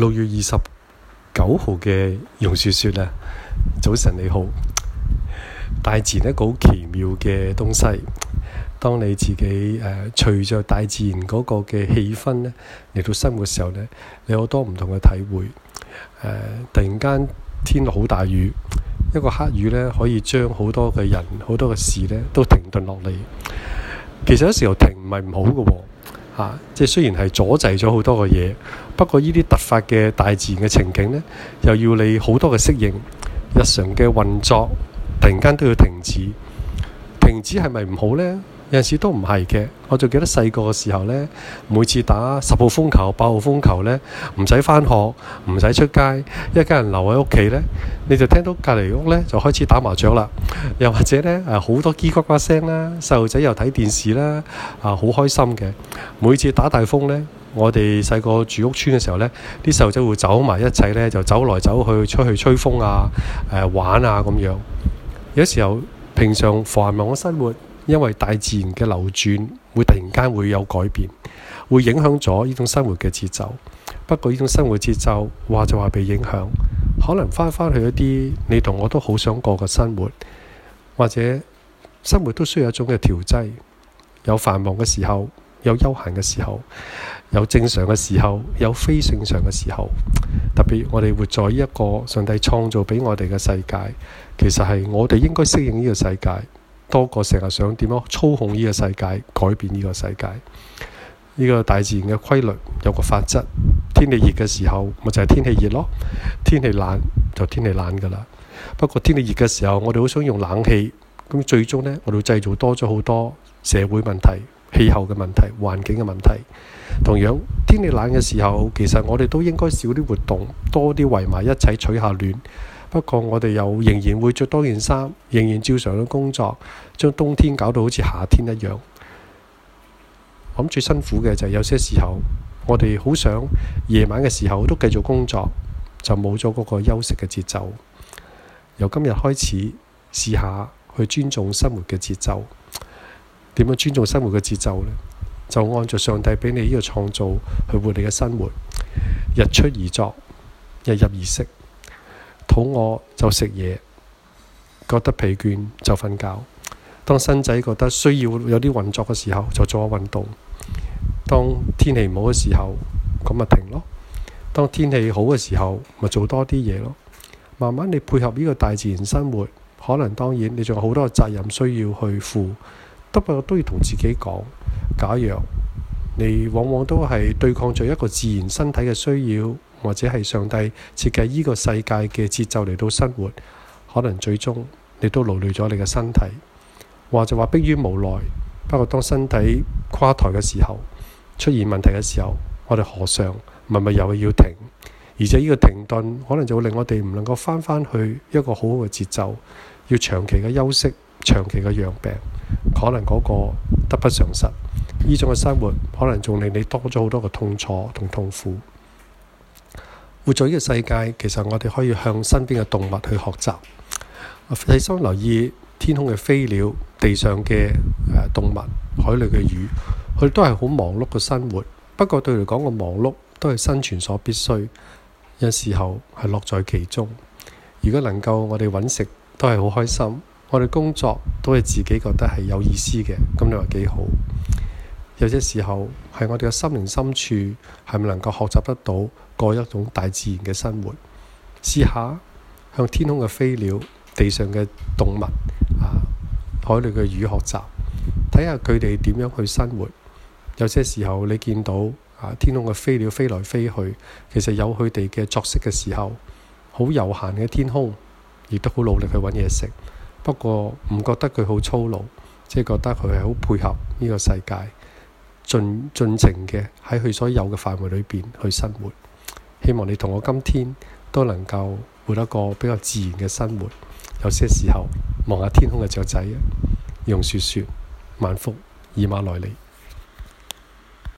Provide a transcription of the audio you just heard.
六月二十九號嘅容雪雪啊，早晨你好。大自然一個好奇妙嘅東西，當你自己誒、呃、隨着大自然嗰個嘅氣氛咧，嚟到生活嘅時候咧，你有好多唔同嘅體會。誒、呃，突然間天落好大雨，一個黑雨咧可以將好多嘅人、好多嘅事咧都停頓落嚟。其實有時候停唔係唔好嘅喎、哦。即係雖然係阻滯咗好多個嘢，不過呢啲突發嘅大自然嘅情景咧，又要你好多嘅適應，日常嘅運作，突然間都要停止，停止係咪唔好咧？有陣時都唔係嘅，我仲記得細個嘅時候呢，每次打十號風球、八號風球呢，唔使返學，唔使出街，一家人留喺屋企呢，你就聽到隔離屋呢，就開始打麻雀啦，又或者呢，好多吱呱呱聲啦，細路仔又睇電視啦，啊好開心嘅。每次打大風呢，我哋細個住屋村嘅時候呢，啲細路仔會走埋一齊呢，就走來走去，出去吹風啊，啊玩啊咁樣。有時候平常繁忙嘅生活，因為大自然嘅流轉，會突然間會有改變，會影響咗呢種生活嘅節奏。不過呢種生活節奏話就話被影響，可能翻返去一啲你同我都好想過嘅生活，或者生活都需要一種嘅調劑。有繁忙嘅時候，有休閒嘅時候，有正常嘅時候，有非正常嘅時候。特別我哋活在一個上帝創造俾我哋嘅世界，其實係我哋應該適應呢個世界，多過成日想點樣操控呢個世界、改變呢個世界？呢個大自然嘅規律有個法則，天氣熱嘅時候咪就係天氣熱咯，天氣冷就天氣冷噶啦。不過天氣熱嘅時候，我哋好想用冷氣，咁最終呢，我哋製造多咗好多社會問題、氣候嘅問題、環境嘅問題。同樣天氣冷嘅時候，其實我哋都應該少啲活動，多啲圍埋一齊取下暖。不過我哋又仍然會着多件衫，仍然照常嘅工作，將冬天搞到好似夏天一樣。我諗最辛苦嘅就係有些時候，我哋好想夜晚嘅時候都繼續工作，就冇咗嗰個休息嘅節奏。由今日開始試下去尊重生活嘅節奏，點樣尊重生活嘅節奏呢？就按照上帝畀你呢個創造去活你嘅生活，日出而作，日入而息。肚餓就食嘢，覺得疲倦就瞓覺。當身仔覺得需要有啲運作嘅時候，就做下運動。當天氣唔好嘅時候，咁咪停咯。當天氣好嘅時候，咪做多啲嘢咯。慢慢你配合呢個大自然生活，可能當然你仲有好多責任需要去負，不過都要同自己講，假若你往往都係對抗住一個自然身體嘅需要，或者係上帝設計依個世界嘅節奏嚟到生活，可能最終你都勞累咗你嘅身體，話就話迫於無奈。不過，當身體垮台嘅時候，出現問題嘅時候，我哋何尚何嘗咪咪又要停。而且呢個停頓可能就會令我哋唔能夠翻返去一個好好嘅節奏，要長期嘅休息、長期嘅養病，可能嗰個得不償失。呢種嘅生活可能仲令你多咗好多嘅痛楚同痛苦。活在呢個世界，其實我哋可以向身邊嘅動物去學習，細心留意天空嘅飛鳥、地上嘅誒、呃、動物、海裡嘅魚，佢哋都係好忙碌嘅生活。不過對嚟講，個忙碌都係生存所必須。有時候係樂在其中。如果能夠我哋揾食都係好開心，我哋工作都係自己覺得係有意思嘅，咁你話幾好？有些時候係我哋嘅心靈深處，係咪能夠學習得到過一種大自然嘅生活？試下向天空嘅飛鳥、地上嘅動物、啊、海裡嘅魚學習，睇下佢哋點樣去生活。有些時候你見到啊，天空嘅飛鳥飛來飛去，其實有佢哋嘅作息嘅時候，好悠閒嘅天空，亦都好努力去揾嘢食。不過唔覺得佢好粗魯，即係覺得佢係好配合呢個世界。盡盡情嘅喺佢所有嘅範圍裏邊去生活，希望你同我今天都能夠活一個比較自然嘅生活。有些時候望下天空嘅雀仔，用雪雪、萬福、以馬內利。